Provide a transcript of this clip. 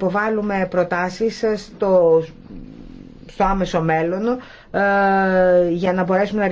υποβάλουμε προτάσεις στο, στο άμεσο μέλλον ε, για να μπορέσουμε να